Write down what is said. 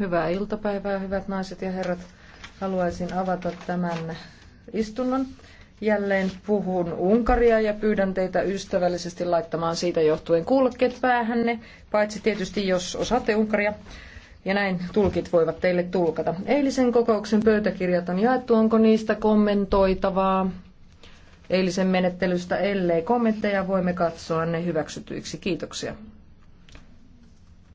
Hyvää iltapäivää, hyvät naiset ja herrat. Haluaisin avata tämän istunnon. Jälleen puhun Unkaria ja pyydän teitä ystävällisesti laittamaan siitä johtuen kuulokkeet päähänne, paitsi tietysti jos osaatte Unkaria. Ja näin tulkit voivat teille tulkata. Eilisen kokouksen pöytäkirjat on jaettu, onko niistä kommentoitavaa? Eilisen menettelystä, ellei kommentteja, voimme katsoa ne hyväksytyiksi. Kiitoksia.